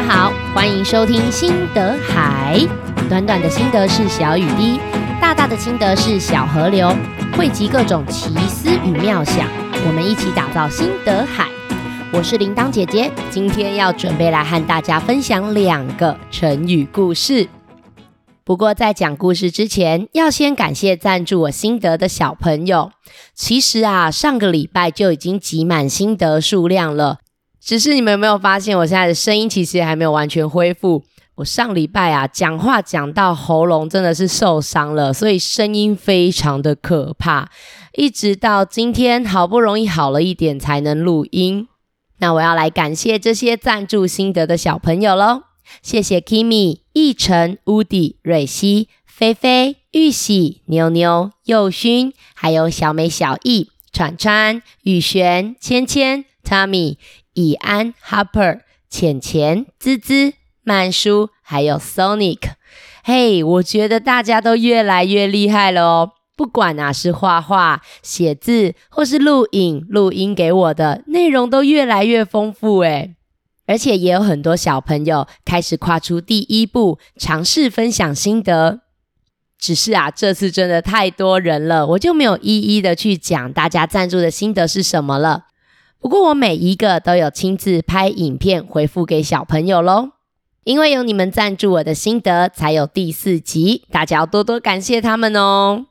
大家好，歡迎收聽心得海。短短的心得是小雨滴，大大的心得是小河流，匯集各種奇思與妙想，我們一起打造心得海。我是鈴鐺姐姐，今天要準備來和大家分享兩個成語故事。不過在講故事之前，要先感謝贊助我心得的小朋友。其實啊，上個禮拜就已經集滿心得數量了。只是你們有沒有發現，我現在的聲音其實還沒有完全恢復。我上禮拜啊，講話講到喉嚨真的是受傷了，所以聲音非常的可怕。一直到今天，好不容易好了一點，才能錄音。那我要來感謝這些贊助心得的小朋友嘍，謝謝 Kimi、逸成、Woody、瑞希、菲菲、玉喜、妞妞、佑勳，還有小美、小易、川川、雨璇、芊芊、Tommy 以安、Harper、淺淺、滋滋、曼舒，還有 Sonic，嘿，hey, 我覺得大家都越來越厲害了哦！不管啊是畫畫、寫字，或是錄影、錄音給我的內容都越來越豐富誒、欸，而且也有很多小朋友開始跨出第一步，嘗試分享心得。只是啊，這次真的太多人了，我就沒有一一的去講大家贊助的心得是什麼了。不過我每一個都有親自拍影片回復給小朋友嘍，因為有你們贊助我的心得，才有第四集，大家要多多感謝他們哦。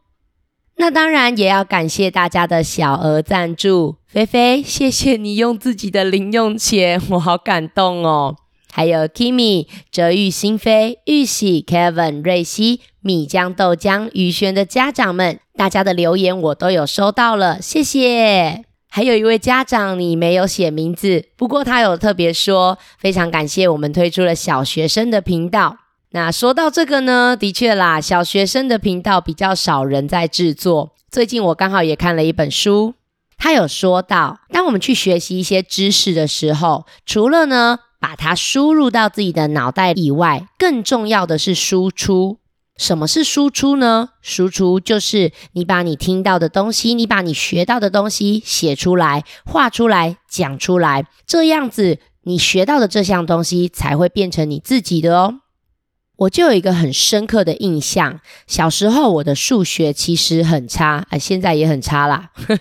那當然也要感謝大家的小額贊助，菲菲謝謝你用自己的零用錢，我好感動哦。還有 Kimi、哲玉、新飛、玉喜、Kevin、瑞希、米漿、豆漿、宇璇的家長們，大家的留言我都有收到了，謝謝。還有一位家長，你沒有寫名字，不過他有特別說，非常感謝我們推出了小學生的頻道。那說到這個呢，的確啦，小學生的頻道比較少人在製作。最近我剛好也看了一本書，他有說到，當我們去學習一些知識的時候，除了呢把它輸入到自己的腦袋以外，更重要的是輸出。什麼是輸出呢？輸出就是你把你聽到的東西，你把你學到的東西寫出來、畫出來、講出來，這樣子，你學到的這項東西才會變成你自己的哦。我就有一個很深刻的印象，小時候我的數學其實很差，哎、呃，現在也很差啦。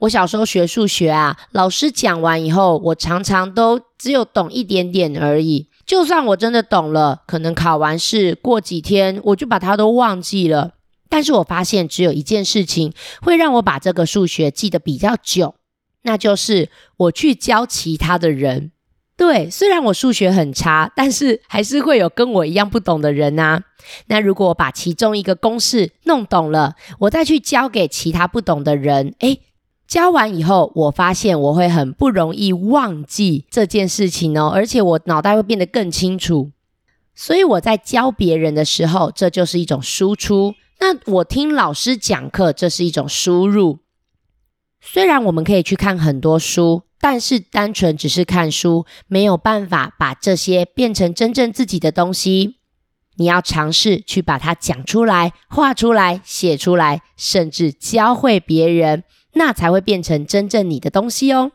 我小時候學數學啊，老師講完以後，我常常都只有懂一點點而已。就算我真的懂了，可能考完試過幾天我就把它都忘記了。但是我發現只有一件事情會讓我把這個數學記得比較久，那就是我去教其他的人。對，雖然我數學很差，但是還是會有跟我一樣不懂的人啊。那如果我把其中一個公式弄懂了，我再去教給其他不懂的人，誒，教完以後，我發現我會很不容易忘記這件事情哦，而且我腦袋會變得更清楚。所以我在教別人的時候，這就是一種輸出。那我聽老師講課，這是一種輸入。雖然我們可以去看很多書，但是單純只是看書，沒有辦法把這些變成真正自己的東西。你要嘗試去把它講出來、畫出來、寫出來，甚至教會別人。那才會變成真正你的東西哦。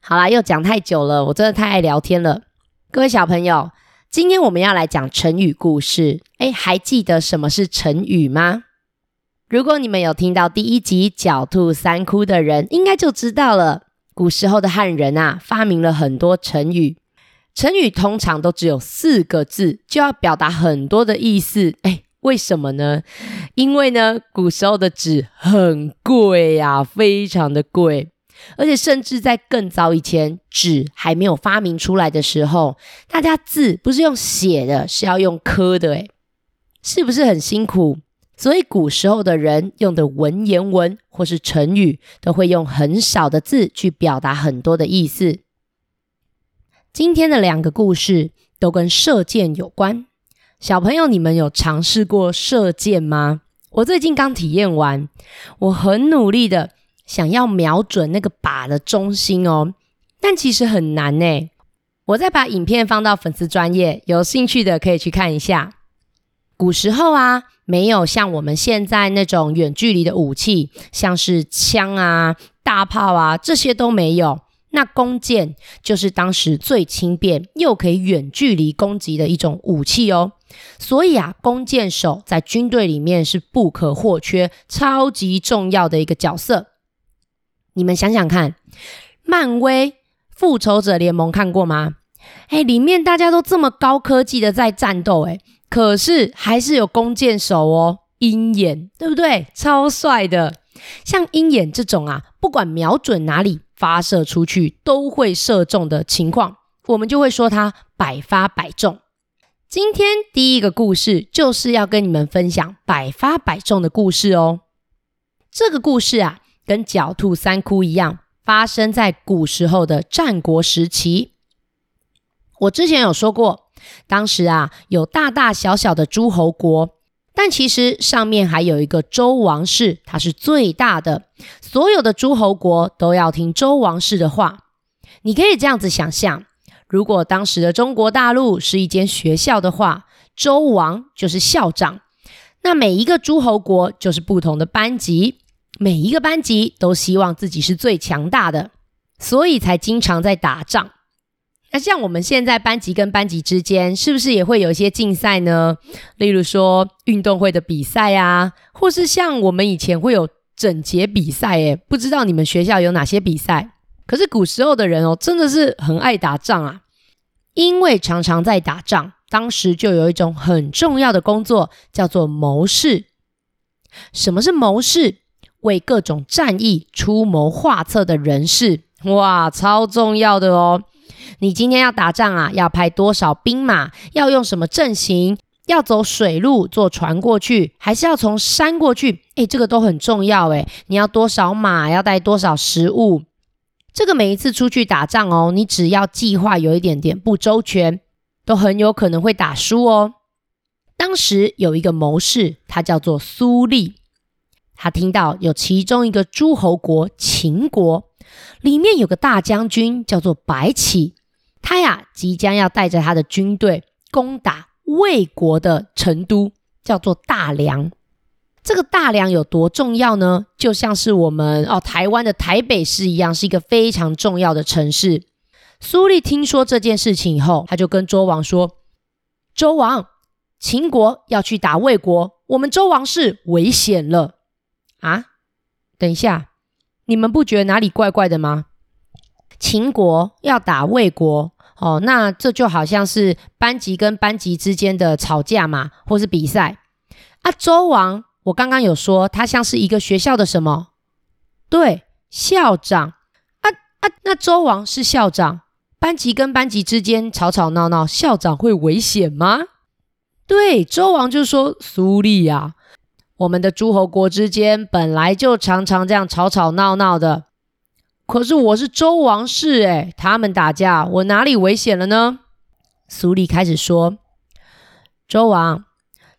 好啦，又講太久了，我真的太愛聊天了。各位小朋友，今天我們要來講成語故事。哎，還記得什麼是成語嗎？如果你們有聽到第一集“狡兔三窟”的人，應該就知道了。古時候的漢人啊，發明了很多成語。成語通常都只有四個字，就要表達很多的意思。哎。為什麼呢？因為呢，古時候的紙很貴呀、啊，非常的貴，而且甚至在更早以前，紙還沒有發明出來的時候，大家字不是用寫的，是要用刻的，誒。是不是很辛苦？所以古時候的人用的文言文或是成語，都會用很少的字去表達很多的意思。今天的兩個故事都跟射箭有關。小朋友，你們有嘗試過射箭嗎？我最近剛體驗完，我很努力的想要瞄準那個靶的中心哦，但其實很難哎。我再把影片放到粉絲專頁，有興趣的可以去看一下。古時候啊，沒有像我們現在那種遠距離的武器，像是槍啊、大炮啊，這些都沒有。那弓箭就是當時最輕便又可以遠距離攻擊的一種武器哦，所以啊，弓箭手在軍隊裡面是不可或缺、超級重要的一個角色。你們想想看，《漫威復仇者聯盟》看過嗎？誒，裡面大家都這麼高科技的在戰鬥，誒，可是還是有弓箭手哦，鷹眼，對不對？超帥的，像鷹眼這種啊，不管瞄準哪裡，發射出去都會射中的情況，我們就會說它百發百中。今天第一個故事就是要跟你們分享百發百中的故事哦。這個故事啊，跟狡兔三窟一樣，發生在古時候的戰國時期。我之前有說過，當時啊，有大大小小的諸侯國。但其實上面還有一個周王室，它是最大的，所有的諸侯國都要聽周王室的話。你可以這樣子想象，如果當時的中國大陸是一間學校的話，周王就是校長，那每一個諸侯國就是不同的班級，每一個班級都希望自己是最強大的，所以才經常在打仗。那像我們現在班級跟班級之間，是不是也會有一些競賽呢？例如說運動會的比賽啊，或是像我們以前會有整潔比賽。哎，不知道你們學校有哪些比賽？可是古時候的人哦，真的是很愛打仗啊，因為常常在打仗，當時就有一種很重要的工作，叫做謀士。什麼是謀士？為各種戰役出謀劃策的人士。哇，超重要的哦。你今天要打仗啊？要派多少兵馬？要用什麼陣型？要走水路坐船過去，還是要從山過去？哎，這個都很重要哎。你要多少馬？要帶多少食物？這個每一次出去打仗哦，你只要計劃有一點點不周全，都很有可能會打輸哦。當時有一個謀士，他叫做蘇厲。他聽到有其中一個諸侯國秦國，裡面有個大將軍，叫做白起。他呀，即將要帶着他的軍隊攻打魏國的成都，叫做大梁。這個大梁有多重要呢？就像是我們哦，台灣的台北市一樣，是一個非常重要的城市。蘇厲聽說這件事情以後，他就跟周王說：“周王，秦國要去打魏國，我們周王室危險了啊！等一下，你們不覺得哪裡怪怪的嗎？秦國要打魏國。”哦，那這就好像是班級跟班級之間的吵架嘛，或是比賽啊。周王，我剛剛有說他像是一個學校的什麼？對，校長啊啊。那周王是校長，班級跟班級之間吵吵鬧鬧，校長會危險嗎？對，周王就說：“蘇厲呀、啊，我們的諸侯國之間本來就常常這樣吵吵鬧鬧的。”可是我是周王室誒，他們打架，我哪裡危險了呢？蘇厲開始說：“周王，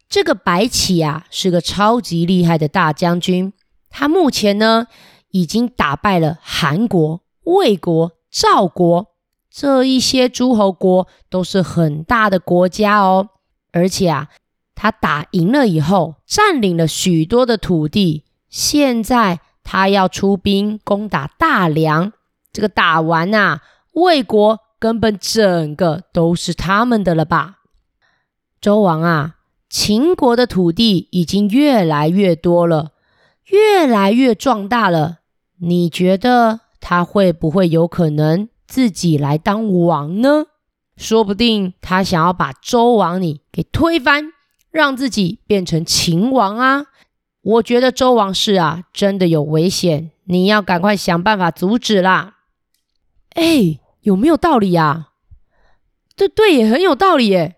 這個白起啊，是個超級厲害的大將軍。他目前呢，已經打敗了韓國、魏國、趙國這一些諸侯國，都是很大的國家哦。而且啊，他打贏了以後，佔領了許多的土地，現在。”他要出兵攻打大梁，這個打完啊，魏國根本整個都是他們的了吧？周王啊，秦國的土地已經越來越多了，越來越壯大了，你覺得他會不會有可能自己來當王呢？說不定他想要把周王你給推翻，讓自己變成秦王啊？我覺得周王室啊，真的有危險，你要趕快想辦法阻止啦！哎，有沒有道理啊？對對，也很有道理耶。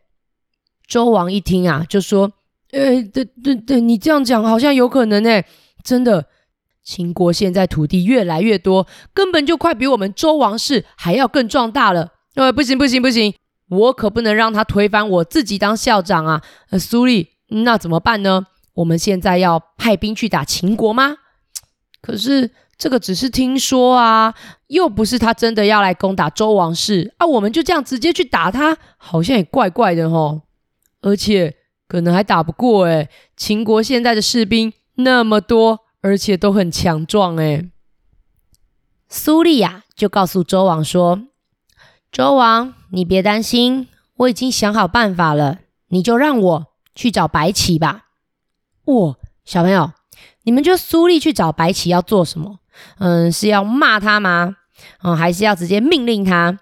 周王一聽啊，就說：“呃，對對對，你這樣講好像有可能呢。真的，秦國現在土地越來越多，根本就快比我們周王室還要更壯大了。呃，不行不行不行，我可不能讓他推翻我自己當校長啊！呃、蘇麗，那怎麼辦呢？”我們現在要派兵去打秦國嗎？可是這個只是聽說啊，又不是他真的要來攻打周王室啊。我們就這樣直接去打他，好像也怪怪的哦。而且可能還打不過哎。秦國現在的士兵那麼多，而且都很強壯哎。蘇麗亞就告訴周王說：“周王，你別擔心，我已經想好辦法了，你就讓我去找白起吧。”喔、哦、小朋友，你們覺得蘇厲去找白起要做什麼？嗯，是要罵他嗎？嗯，還是要直接命令他？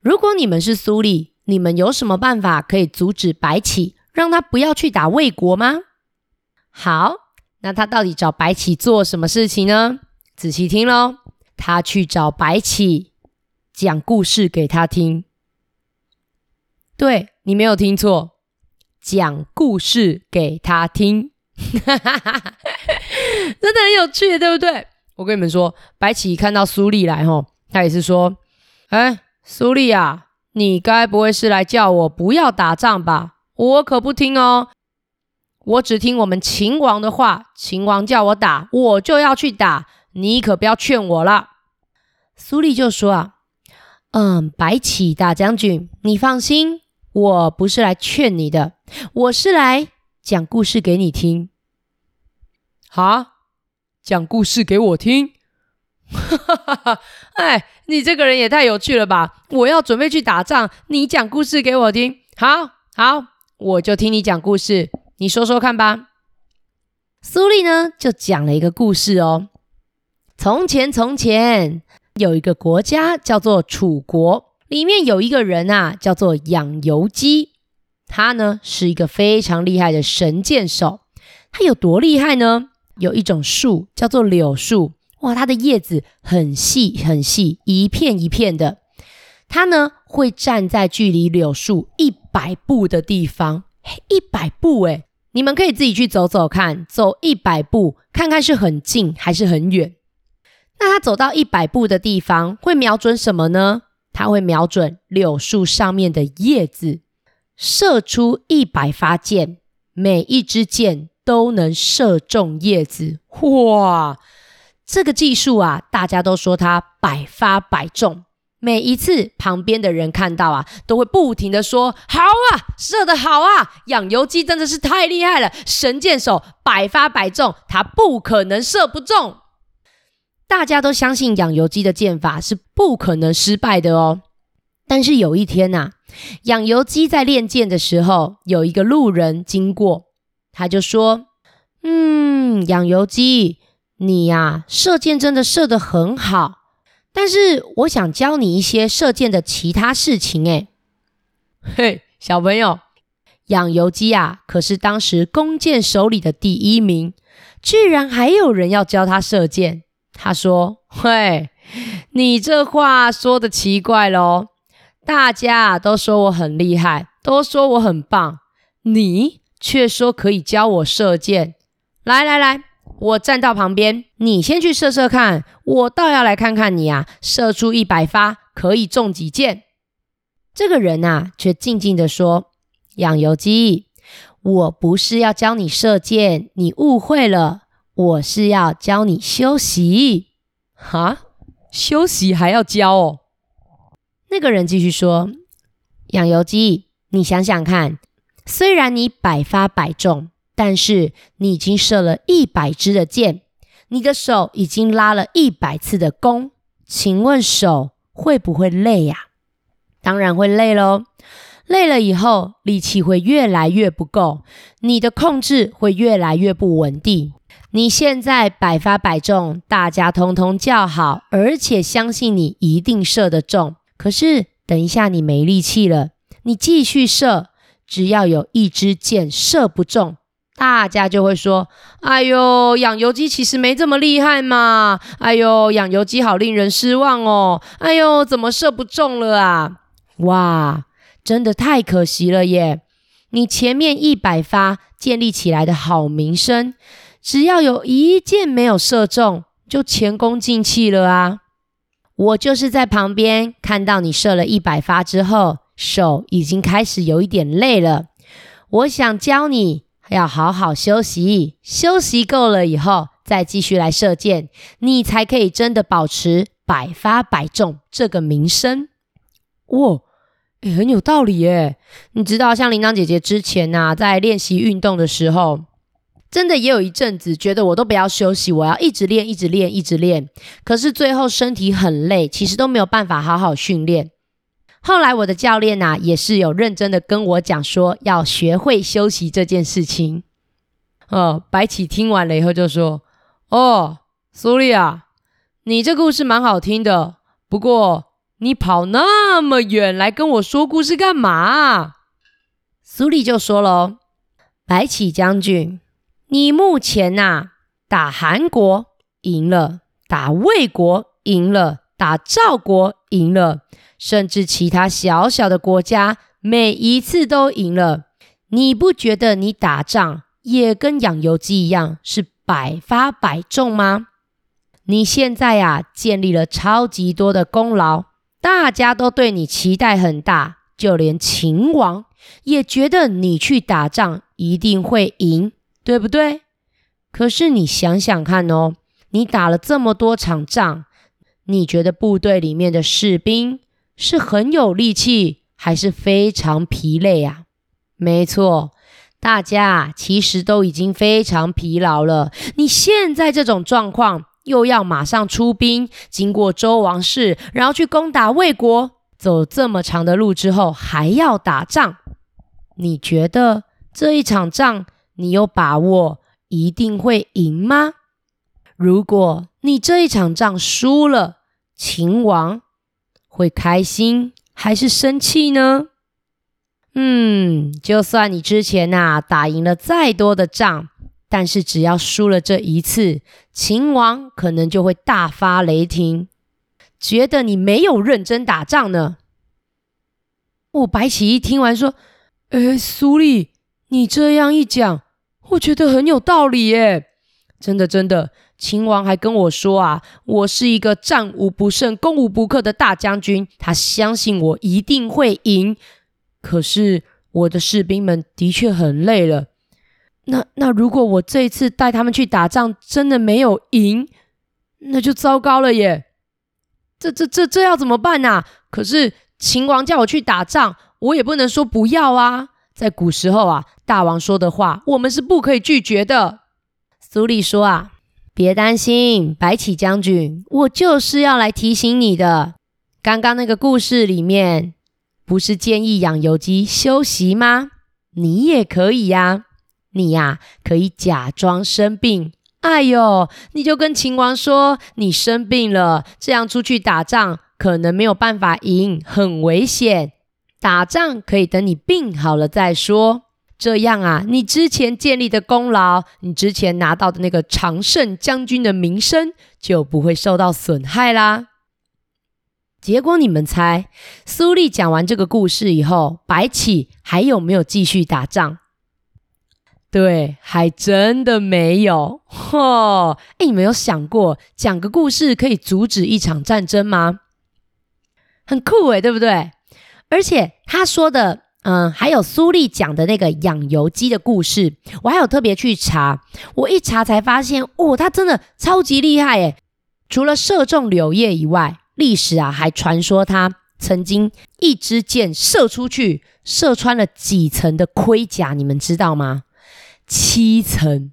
如果你們是蘇厲，你們有什麼辦法可以阻止白起，讓他不要去打魏國嗎？好，那他到底找白起做什麼事情呢？仔細聽嘍，他去找白起講故事給他聽。對，你沒有聽錯。講故事給他聽，哈哈哈，真的很有趣，對不對？我跟你們說，白起看到蘇厲來，齁，他也是說：“哎、欸，蘇厲啊，你該不會是來叫我不要打仗吧？我可不聽哦，我只聽我們秦王的話。秦王叫我打，我就要去打，你可不要勸我了。”蘇厲就說：“啊，嗯，白起大將軍，你放心，我不是來勸你的。”我是來講故事給你聽，哈，講故事給我聽。 哎，你這個人也太有趣了吧！我要準備去打仗，你講故事給我聽。好好，我就聽你講故事。你說說看吧。蘇麗呢，就講了一個故事哦。從前，從前有一個國家叫做楚國，裡面有一個人啊，叫做養油雞。他呢，是一個非常厲害的神箭手，他有多厲害呢？有一種樹叫做柳樹，哇，它的葉子很細很細，一片一片的。他呢，會站在距離柳樹一百步的地方，一百步誒，你們可以自己去走走看，走一百步，看看是很近還是很遠。那他走到一百步的地方，會瞄準什麼呢？他會瞄準柳樹上面的葉子。射出一百發箭，每一支箭都能射中葉子。哇，這個技術啊，大家都說他百發百中。每一次旁邊的人看到啊，都會不停地說：“好啊，射得好啊！”養由基真的是太厲害了，神箭手百發百中，他不可能射不中。大家都相信養由基的箭法是不可能失敗的哦。但是有一天吶、啊，養由基在練箭的時候，有一個路人經過，他就說：“嗯，養由基，你呀、啊、射箭真的射得很好，但是我想教你一些射箭的其他事情。”哎，嘿，小朋友，養由基啊，可是當時弓箭手裡的第一名，居然還有人要教他射箭。他說：“嘿，你這話說得奇怪嘍。”大家都說我很厲害，都說我很棒，你卻說可以教我射箭。來來來，我站到旁邊，你先去射射看，我倒要來看看你啊，射出一百發可以中幾箭。這個人吶、啊，卻靜靜地說：“養由基，我不是要教你射箭，你誤會了，我是要教你休息。”哈，休息還要教哦。那個人繼續說：“養由基，你想想看，雖然你百發百中，但是你已經射了一百支的箭，你的手已經拉了一百次的弓，請問手會不會累呀、啊？當然會累嘍。累了以後，力氣會越來越不夠，你的控制會越來越不穩定。你現在百發百中，大家通通叫好，而且相信你一定射得中。”可是，等一下，你沒力氣了，你繼續射，只要有一支箭射不中，大家就會說：“哎喲，養由基其實沒這麼厲害嘛！”“哎喲，養由基好令人失望哦！”“哎喲，怎麼射不中了啊？”“哇，真的太可惜了耶！你前面一百發建立起來的好名聲，只要有一箭沒有射中，就前功盡棄了啊！”我就是在旁邊看到你射了一百發之後，手已經開始有一點累了。我想教你要好好休息，休息夠了以後再繼續來射箭，你才可以真的保持百發百中這個名聲。哇，欸，很有道理耶、欸！你知道，像鈴鐺姐姐之前吶，啊，在練習運動的時候。真的也有一陣子，覺得我都不要休息，我要一直練，一直練，一直練。可是最後身體很累，其實都沒有辦法好好訓練。後來我的教練啊，也是有認真的跟我講說，要學會休息這件事情。哦，白起聽完了以後就說：“哦，蘇厲啊，你這故事蠻好聽的，不過你跑那麼遠來跟我說故事幹嘛？”蘇厲就說嘍：“白起將軍。”你目前吶、啊，打韓國贏了，打魏國贏了，打趙國贏了，甚至其他小小的國家，每一次都贏了。你不覺得你打仗也跟養由基一樣，是百發百中嗎？你現在呀、啊，建立了超級多的功勞，大家都對你期待很大，就連秦王也覺得你去打仗一定會贏。對不對？可是你想想看哦，你打了這麼多場仗，你覺得部隊裡面的士兵是很有力氣，還是非常疲累啊？沒錯，大家其實都已經非常疲勞了。你現在這種狀況，又要馬上出兵，經過周王室，然後去攻打魏國，走這麼長的路之後，還要打仗，你覺得這一場仗，你有把握一定會贏嗎？如果你這一場仗輸了，秦王會開心還是生氣呢？嗯，就算你之前吶、啊、打贏了再多的仗，但是只要輸了這一次，秦王可能就會大發雷霆，覺得你沒有認真打仗呢。哦，白起聽完說：“誒，蘇厲。”你這樣一講，我覺得很有道理耶！真的，真的，秦王還跟我說啊，我是一個戰無不勝、攻無不剋的大將軍，他相信我一定會贏。可是我的士兵們的確很累了。那那如果我這一次帶他們去打仗，真的沒有贏，那就糟糕了耶！這這這這要怎麼辦啊？可是秦王叫我去打仗，我也不能說不要啊。在古時候啊，大王說的話，我們是不可以拒絕的。蘇麗說啊，別擔心，白起將軍，我就是要來提醒你的。剛剛那個故事裡面，不是建議養由基休息嗎？你也可以呀、啊，你呀、啊、可以假裝生病。哎呦，你就跟秦王說你生病了，這樣出去打仗可能沒有辦法贏，很危險。打仗可以等你病好了再說，這樣啊，你之前建立的功勞，你之前拿到的那個常勝將軍的名聲就不會受到損害啦。結果你們猜，蘇厲講完這個故事以後，白起還有沒有繼續打仗？對，還真的沒有。嚯，哎，你們有想過講個故事可以阻止一場戰爭嗎？很酷欸，對不對？而且他說的，嗯，還有蘇麗講的那個養由基的故事，我還有特別去查，我一查才發現，哦，他真的超級厲害誒。除了射中柳葉以外，歷史啊還傳說他曾經一支箭射出去，射穿了幾層的盔甲，你們知道嗎？七層，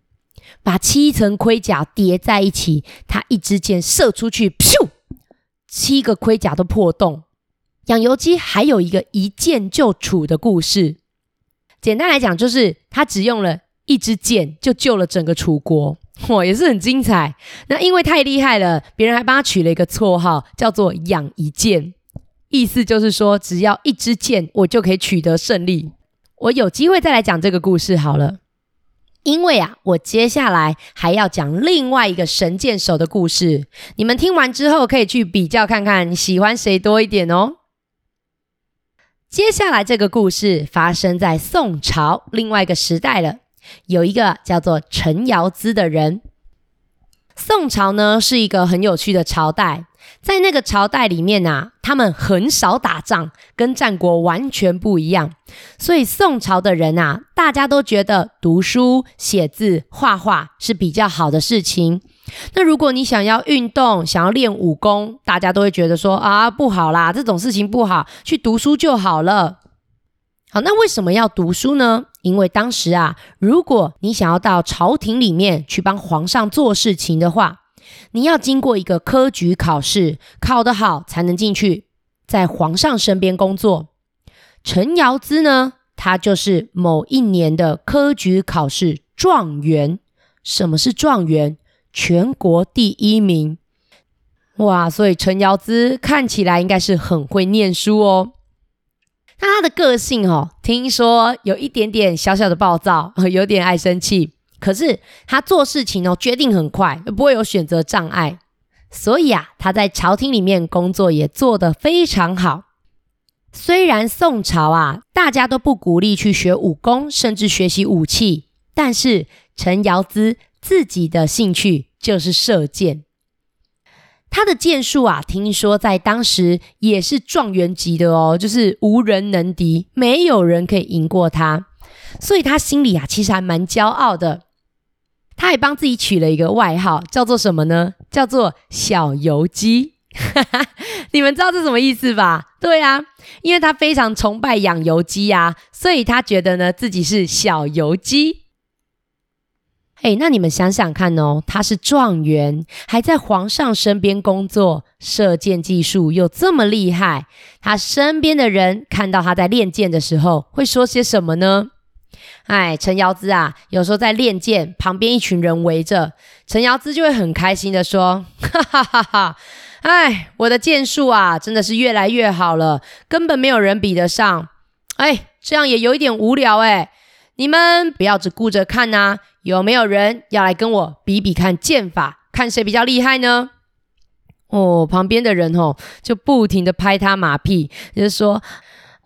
把七層盔甲疊在一起，他一支箭射出去，咻，七個盔甲都破洞。養由基還有一個一箭救楚的故事，簡單來講就是他只用了一支箭就救了整個楚國，哇，也是很精彩。那因為太厲害了，別人還幫他取了一個綽號，叫做“養一箭”，意思就是說只要一支箭，我就可以取得勝利。我有機會再來講這個故事好了，因為啊，我接下來還要講另外一個神箭手的故事，你們聽完之後可以去比較看看，喜歡誰多一點哦。接下來這個故事發生在宋朝另外一個時代了，有一個叫做陳堯諮的人。宋朝呢，是一個很有趣的朝代。在那個朝代裡面啊，他們很少打仗，跟戰國完全不一樣。所以宋朝的人啊，大家都覺得讀書、寫字、畫畫是比較好的事情。那如果你想要運動，想要練武功，大家都會覺得說啊，不好啦，這種事情不好，去讀書就好了。好，那為什麼要讀書呢？因為當時啊，如果你想要到朝廷裡面去幫皇上做事情的話，你要經過一個科舉考試，考得好才能進去，在皇上身邊工作。陳堯諮呢，他就是某一年的科舉考試狀元。什麼是狀元？全國第一名。哇，所以陳堯諮看起來應該是很會念書哦。那他的個性哦，聽說有一點點小小的暴躁，有點愛生氣。可是他做事情哦，決定很快，不會有選擇障礙，所以啊，他在朝廷裡面工作也做得非常好。雖然宋朝啊，大家都不鼓勵去學武功，甚至學習武器，但是陳堯諮自己的興趣就是射箭，他的箭術啊，聽說在當時也是狀元級的哦，就是無人能敵，沒有人可以贏過他，所以他心裡啊，其實還蠻驕傲的。他還幫自己取了一個外號，叫做什麼呢？叫做小由基。 你們知道這什麼意思吧？對呀、啊，因為他非常崇拜養由基啊，所以他覺得呢自己是小由基。嘿、欸，那你們想想看哦，他是狀元，還在皇上身邊工作，射箭技術又這麼厲害，他身邊的人看到他在練箭的時候，會說些什麼呢？哎，陳堯諮啊，有時候在練劍，旁邊一群人圍着，陳堯諮就會很開心地說：“哈哈哈哈！哎，我的劍術啊，真的是越來越好了，根本沒有人比得上。哎，這樣也有一點無聊哎、欸，你們不要只顧着看吶、啊，有沒有人要來跟我比比看劍法，看誰比較厲害呢？哦，旁邊的人哦，就不停地拍他馬屁，就是說。”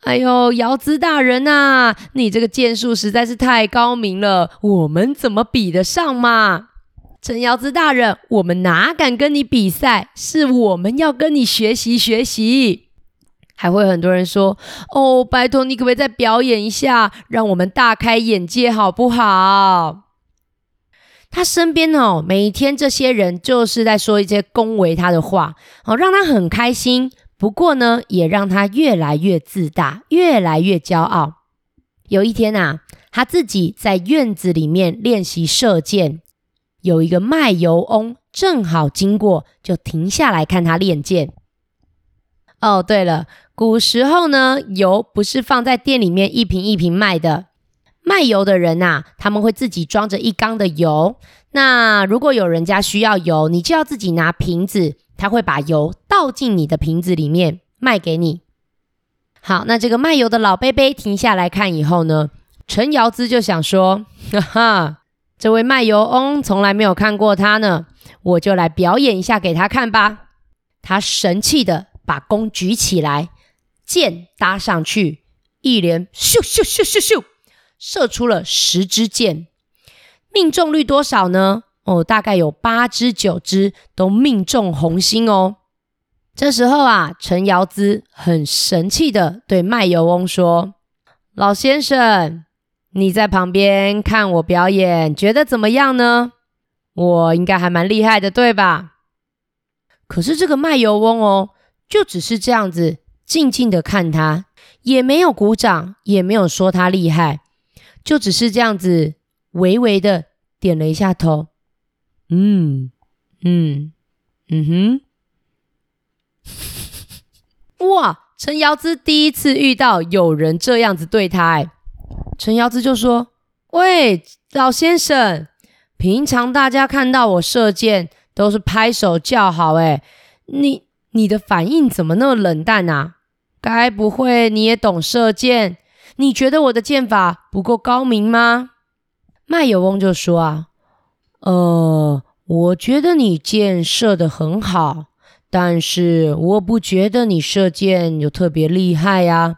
哎呦，養由基大人吶、啊，你這個箭術實在是太高明了，我們怎麼比得上嘛？陳養由基大人，我們哪敢跟你比賽，是我們要跟你學習學習。還會很多人說，哦，拜托你可不可以再表演一下，讓我們大開眼界好不好？他身邊哦，每一天這些人就是在說一些恭維他的話，哦，讓他很開心。不過呢，也讓他越來越自大，越來越驕傲。有一天啊，他自己在院子裡面練習射箭，有一個賣油翁正好經過，就停下來看他練箭。哦，對了，古時候呢，油不是放在店裡面一瓶一瓶賣的。賣油的人吶、啊，他們會自己裝着一缸的油。那如果有人家需要油，你就要自己拿瓶子，他會把油倒進你的瓶子裡面賣給你。好，那這個賣油的老伯伯停下來看以後呢，陳堯諮就想說：“哈哈，這位賣油翁從來沒有看過他呢，我就來表演一下給他看吧。”他神氣的把弓舉起來，箭搭上去，一連咻咻咻咻咻、咻。射出了十支箭，命中率多少呢？哦，大概有八支、九支都命中紅心哦。這時候啊，陳堯諮很神氣的對賣油翁說：“老先生，你在旁邊看我表演，覺得怎麼樣呢？我應該還蠻厲害的，對吧？”可是這個賣油翁哦，就只是這樣子靜靜的看他，也沒有鼓掌，也沒有說他厲害。就只是這樣子，微微的點了一下頭，嗯嗯嗯哼， 哇！陳堯諮第一次遇到有人這樣子對他、欸，陳堯諮就說：“喂，老先生，平常大家看到我射箭都是拍手叫好、欸，哎，你你的反應怎麼那麼冷淡啊？該不會你也懂射箭？”你覺得我的箭法不夠高明嗎？賣油翁就說啊，呃，我覺得你箭射得很好，但是我不覺得你射箭有特別厲害呀、啊。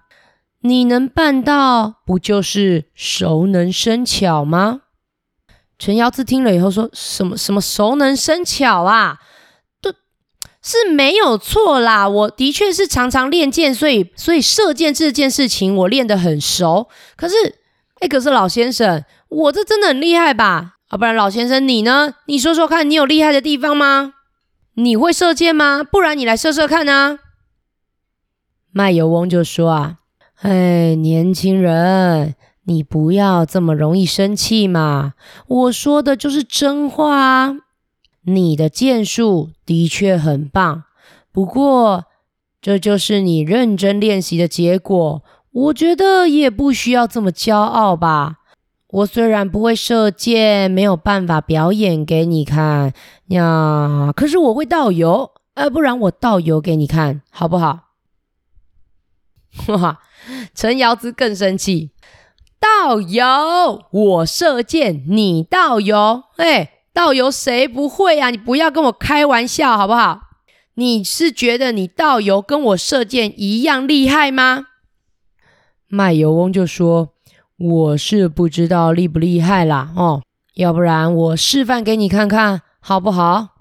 你能辦到，不就是熟能生巧嗎？陳堯諮聽了以後說：什麼什麼熟能生巧啊？是沒有錯啦，我的確是常常練箭，所以所以射箭這件事情我練得很熟。可是，誒，可是老先生，我這真的很厲害吧？啊，不然老先生你呢？你說說看，你有厲害的地方嗎？你會射箭嗎？不然你來射射看吶？賣油翁就說啊，哎，年輕人，你不要這麼容易生氣嘛，我說的就是真話啊。你的箭術的確很棒，不過這就是你認真練習的結果。我覺得也不需要這麼驕傲吧。我雖然不會射箭，沒有辦法表演給你看呀，可是我會倒油，呃，不然我倒油給你看好不好？哇！ 陳堯諮更生氣，倒油，我射箭，你倒油，哎、欸。倒油誰不會啊？你不要跟我開玩笑好不好？你是覺得你倒油跟我射箭一樣厲害嗎？賣油翁就說：“我是不知道厲不厲害啦，哦，要不然我示範給你看看好不好？”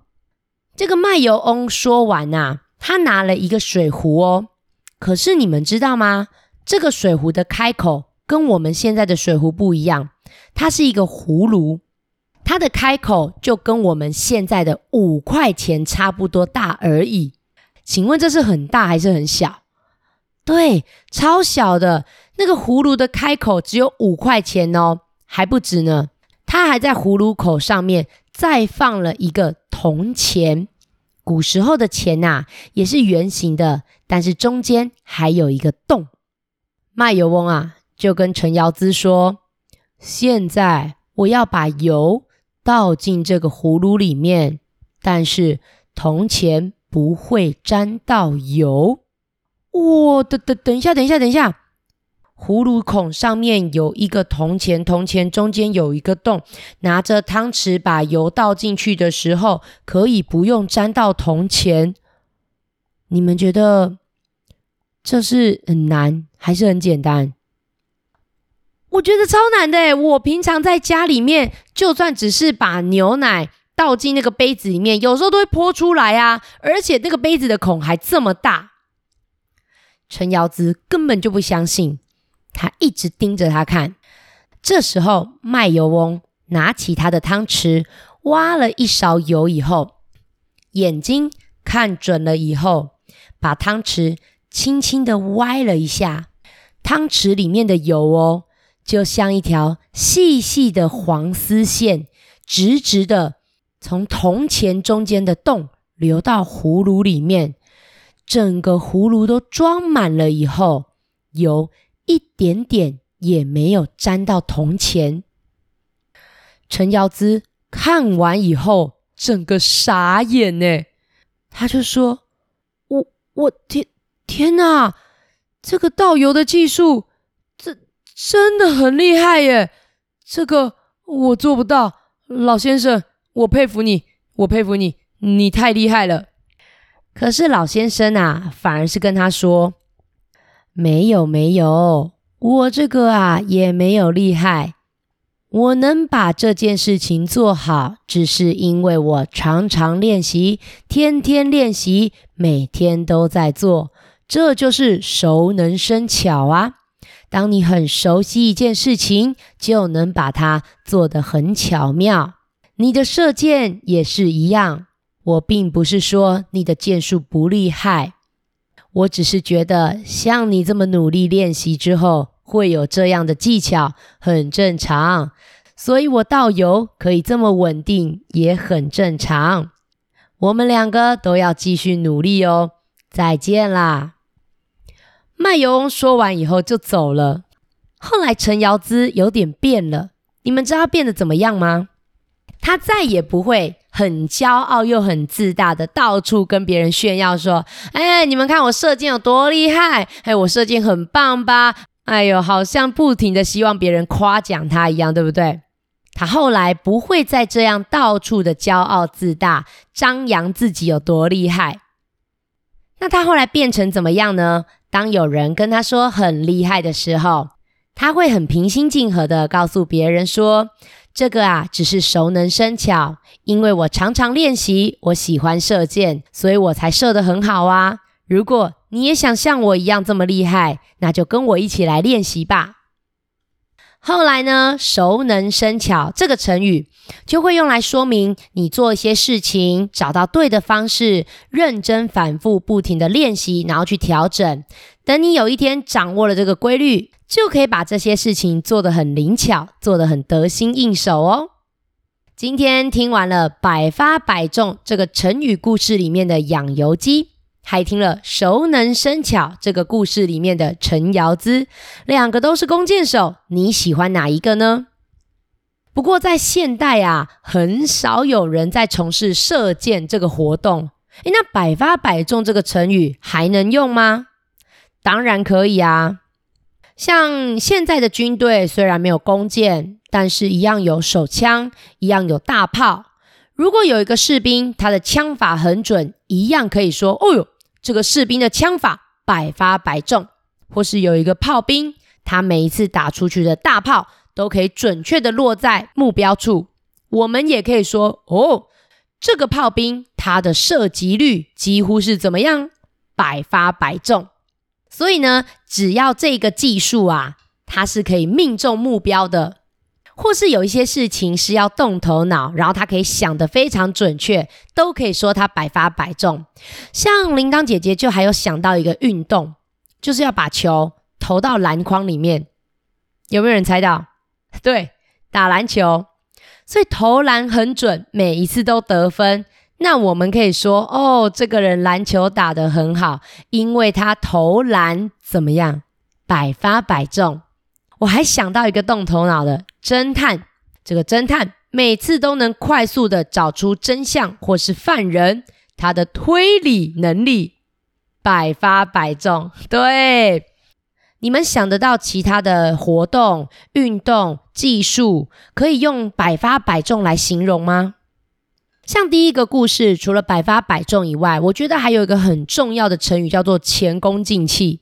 這個賣油翁說完吶、啊，他拿了一個水壺哦，可是你們知道嗎？這個水壺的開口跟我們現在的水壺不一樣，它是一個葫蘆。它的開口就跟我們現在的五塊錢差不多大而已，請問這是很大還是很小？對，超小的。那個葫蘆的開口只有五塊錢哦，還不止呢。他還在葫蘆口上面再放了一個銅錢，古時候的錢吶啊，也是圓形的，但是中間還有一個洞。賣油翁啊就跟陳堯諮說：“現在我要把油。”倒進這個葫蘆裡面，但是銅錢不會沾到油。哇、哦，等等等一下，等一下，等一下！葫蘆孔上面有一個銅錢，銅錢中間有一個洞。拿着湯匙把油倒進去的時候，可以不用沾到銅錢。你們覺得這是很難還是很簡單？我覺得超難的。我平常在家裡面，就算只是把牛奶倒進那個杯子裡面，有時候都會潑出來啊！而且那個杯子的孔還這麼大。陳堯諮根本就不相信，他一直盯着他看。這時候，賣油翁拿起他的湯匙，挖了一勺油以後，眼睛看準了以後，把湯匙輕輕地歪了一下，湯匙裡面的油哦。就像一條細細的黃絲線，直直的從銅錢中間的洞流到葫蘆裡面。整個葫蘆都裝滿了以後，油一點點也沒有沾到銅錢。陳堯諮看完以後，整個傻眼呢。他就說：“我我天天哪，這個倒油的技術！”真的很厲害耶！這個我做不到，老先生，我佩服你，我佩服你，你太厲害了。可是老先生啊，反而是跟他說：“沒有，沒有，我這個啊也沒有厲害，我能把這件事情做好，只是因為我常常練習，天天練習，每天都在做，這就是熟能生巧啊。”當你很熟悉一件事情，就能把它做得很巧妙。你的射箭也是一樣。我並不是說你的箭術不厲害，我只是覺得像你這麼努力練習之後，會有這樣的技巧，很正常。所以，我倒油可以這麼穩定，也很正常。我們兩個都要繼續努力哦。再見啦。賣油翁說完以後就走了。後來陳堯諮有點變了，你們知道他變得怎麼樣嗎？他再也不會很驕傲又很自大的到處跟別人炫耀說：“哎，你們看我射箭有多厲害！哎，我射箭很棒吧？哎喲，好像不停的希望別人誇獎他一樣，對不對？”他後來不會再這樣到處的驕傲自大，張揚自己有多厲害。那他後來變成怎麼樣呢？當有人跟他說很厲害的時候，他會很平心靜和的告訴別人說：“這個啊，只是熟能生巧，因為我常常練習，我喜歡射箭，所以我才射得很好啊。如果你也想像我一樣這麼厲害，那就跟我一起來練習吧。”後來呢，熟能生巧這個成語就會用來說明你做一些事情，找到對的方式，認真反覆不停的練習，然後去調整。等你有一天掌握了這個規律，就可以把這些事情做得很靈巧，做得很得心應手哦。今天聽完了百發百中這個成語故事裡面的養由基。還聽了“熟能生巧”這個故事裡面的陳堯諮，兩個都是弓箭手，你喜歡哪一個呢？不過在現代啊，很少有人在從事射箭這個活動。誒，那“百發百中”這個成語還能用嗎？當然可以啊。像現在的軍隊雖然沒有弓箭，但是一樣有手槍，一樣有大炮。如果有一個士兵，他的槍法很準，一樣可以說：“哦喲。這個士兵的槍法百發百中，或是有一個炮兵，他每一次打出去的大炮都可以準確的落在目標處。我們也可以說，哦，這個炮兵他的射擊率幾乎是怎麼樣？百發百中。所以呢，只要這個技術啊，它是可以命中目標的。或是有一些事情是要動頭腦，然後他可以想得非常準確，都可以說他百發百中。像鈴鐺姐姐就還有想到一個運動，就是要把球投到籃筐裡面。有沒有人猜到？對，打籃球。所以投籃很準，每一次都得分。那我們可以說，哦，這個人籃球打得很好，因為他投籃怎麼樣？百發百中。我還想到一個動頭腦的。偵探，這個偵探每次都能快速地找出真相或是犯人，他的推理能力百發百中。對，你們想得到其他的活動、運動、技術可以用“百發百中”來形容嗎？像第一個故事，除了“百發百中”以外，我覺得還有一個很重要的成語叫做“前功盡棄”，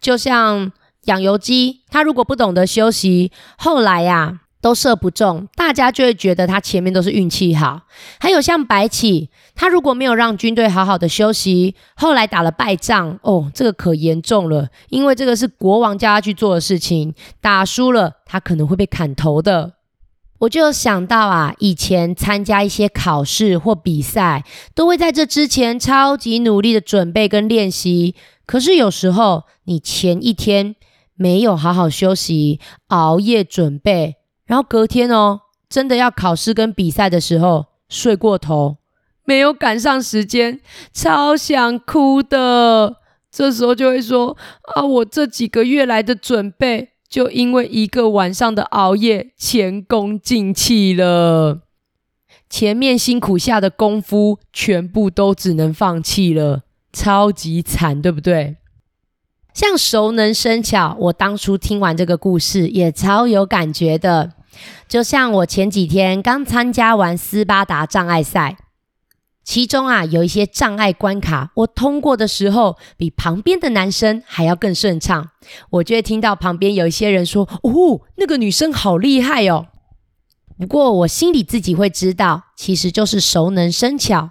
就像。養由基，他如果不懂得休息，後來呀、啊、都射不中，大家就會覺得他前面都是運氣好。還有像白起，他如果沒有讓軍隊好好的休息，後來打了敗仗，哦，這個可嚴重了，因為這個是國王叫他去做的事情，打輸了他可能會被砍頭的。我就想到啊，以前參加一些考試或比賽，都會在這之前超級努力的準備跟練習。可是有時候你前一天。沒有好好休息，熬夜準備，然後隔天哦，真的要考試跟比賽的時候睡過頭，沒有趕上時間，超想哭的。這時候就會說啊，我這幾個月來的準備，就因為一個晚上的熬夜，前功盡棄了。前面辛苦下的功夫，全部都只能放棄了，超級慘，對不對？像熟能生巧，我當初聽完這個故事也超有感覺的。就像我前幾天剛參加完斯巴達障礙賽，其中啊有一些障礙關卡，我通過的時候比旁邊的男生還要更順暢。我就會聽到旁邊有一些人說：“哦，那個女生好厲害哦。”不過我心裡自己會知道，其實就是熟能生巧。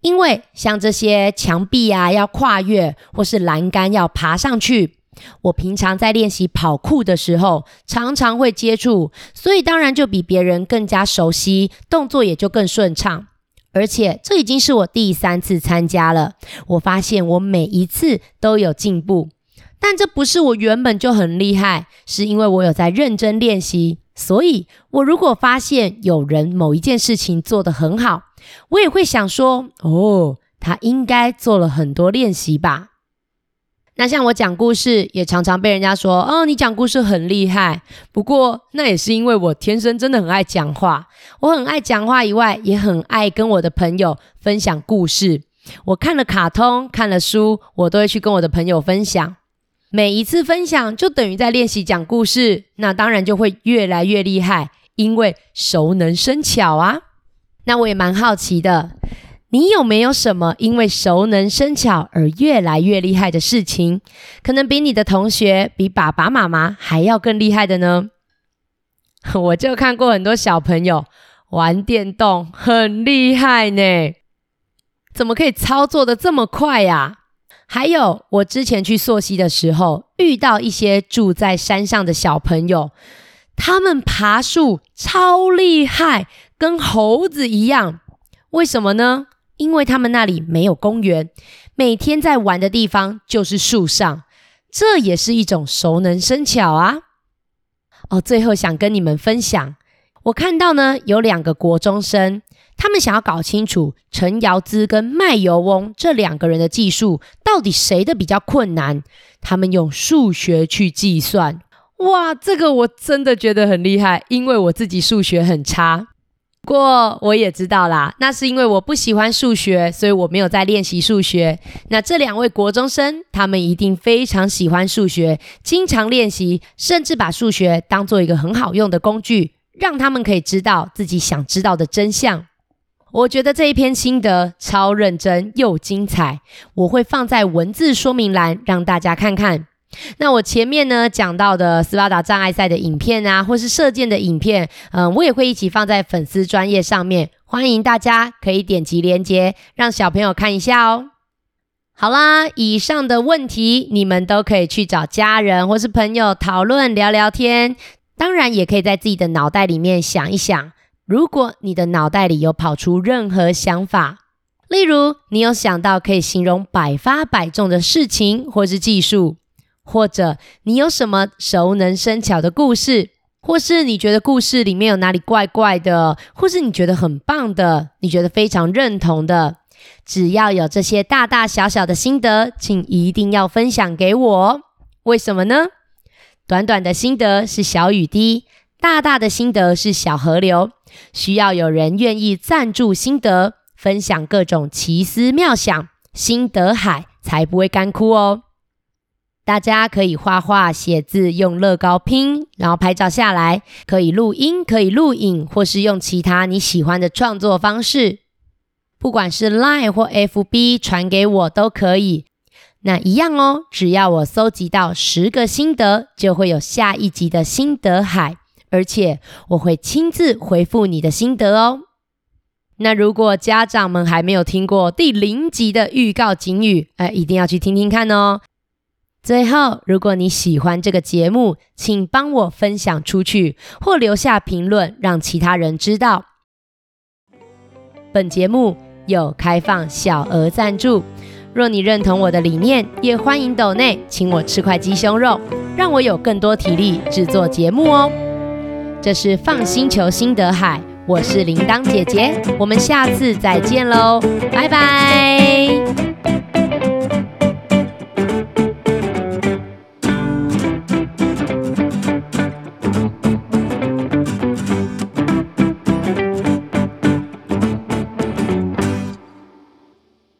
因為像這些牆壁啊，要跨越，或是欄杆要爬上去，我平常在練習跑酷的時候，常常會接觸，所以當然就比別人更加熟悉，動作也就更順暢。而且這已經是我第三次參加了，我發現我每一次都有進步。但這不是我原本就很厲害，是因為我有在認真練習。所以我如果發現有人某一件事情做得很好，我也會想說，哦，他應該做了很多練習吧。那像我講故事，也常常被人家說，哦，你講故事很厲害。不過那也是因為我天生真的很愛講話。我很愛講話以外，也很愛跟我的朋友分享故事。我看了卡通，看了書，我都會去跟我的朋友分享。每一次分享就等於在練習講故事，那當然就會越來越厲害，因為熟能生巧啊。那我也蠻好奇的，你有沒有什麼因為熟能生巧而越來越厲害的事情，可能比你的同學、比爸爸媽媽還要更厲害的呢？我就看過很多小朋友玩電動很厲害呢，怎麼可以操作得這麼快呀、啊？還有，我之前去溯溪的時候，遇到一些住在山上的小朋友，他們爬樹超厲害。跟猴子一樣，為什麼呢？因為他們那裡沒有公園，每天在玩的地方就是樹上。這也是一種熟能生巧啊！哦，最後想跟你們分享，我看到呢有兩個國中生，他們想要搞清楚陳堯諮跟賣油翁這兩個人的技術到底誰的比較困難，他們用數學去計算。哇，這個我真的覺得很厲害，因為我自己數學很差。不過我也知道啦，那是因為我不喜歡數學，所以我沒有在練習數學。那這兩位國中生，他們一定非常喜歡數學，經常練習，甚至把數學當做一個很好用的工具，讓他們可以知道自己想知道的真相。我覺得這一篇心得超認真又精彩，我會放在文字說明欄讓大家看看。那我前面呢，講到的斯巴達障礙賽的影片啊，或是射箭的影片，嗯、呃，我也會一起放在粉絲專頁上面，歡迎大家可以點擊鏈接，讓小朋友看一下哦。好啦,以上的問題你們都可以去找家人或是朋友討論聊聊天，當然也可以在自己的腦袋裡面想一想。如果你的腦袋裡有跑出任何想法，例如你有想到可以形容百發百中的事情或是技術。或者你有什麼熟能生巧的故事，或是你覺得故事裡面有哪裡怪怪的，或是你覺得很棒的，你覺得非常認同的，只要有這些大大小小的心得，請一定要分享給我。為什麼呢？短短的心得是小雨滴，大大的心得是小河流，需要有人願意贊助心得，分享各種奇思妙想，心得海才不會乾枯哦。大家可以畫畫、寫字，用樂高拼，然後拍照下來，可以錄音，可以錄影，或是用其他你喜歡的創作方式。不管是 Line 或 FB 傳給我都可以。那一樣哦，只要我蒐集到十個心得，就會有下一集的心得海，而且我會親自回覆你的心得哦。那如果家長們還沒有聽過第零集的預告警語，呃，一定要去聽聽看哦。最後，如果你喜歡這個節目，請幫我分享出去，或留下評論，讓其他人知道。本節目有開放小額贊助，若你認同我的理念，也歡迎鬥內請我吃塊雞胸肉，讓我有更多體力制作節目哦。這是 FUN 星球心得海，我是鈴鐺姐姐，我們下次再見嘍，拜拜。